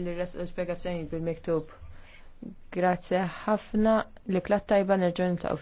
il-res u spiegazzjoni bil-miktub. Grazie ħafna li klat tajba nerġun ta'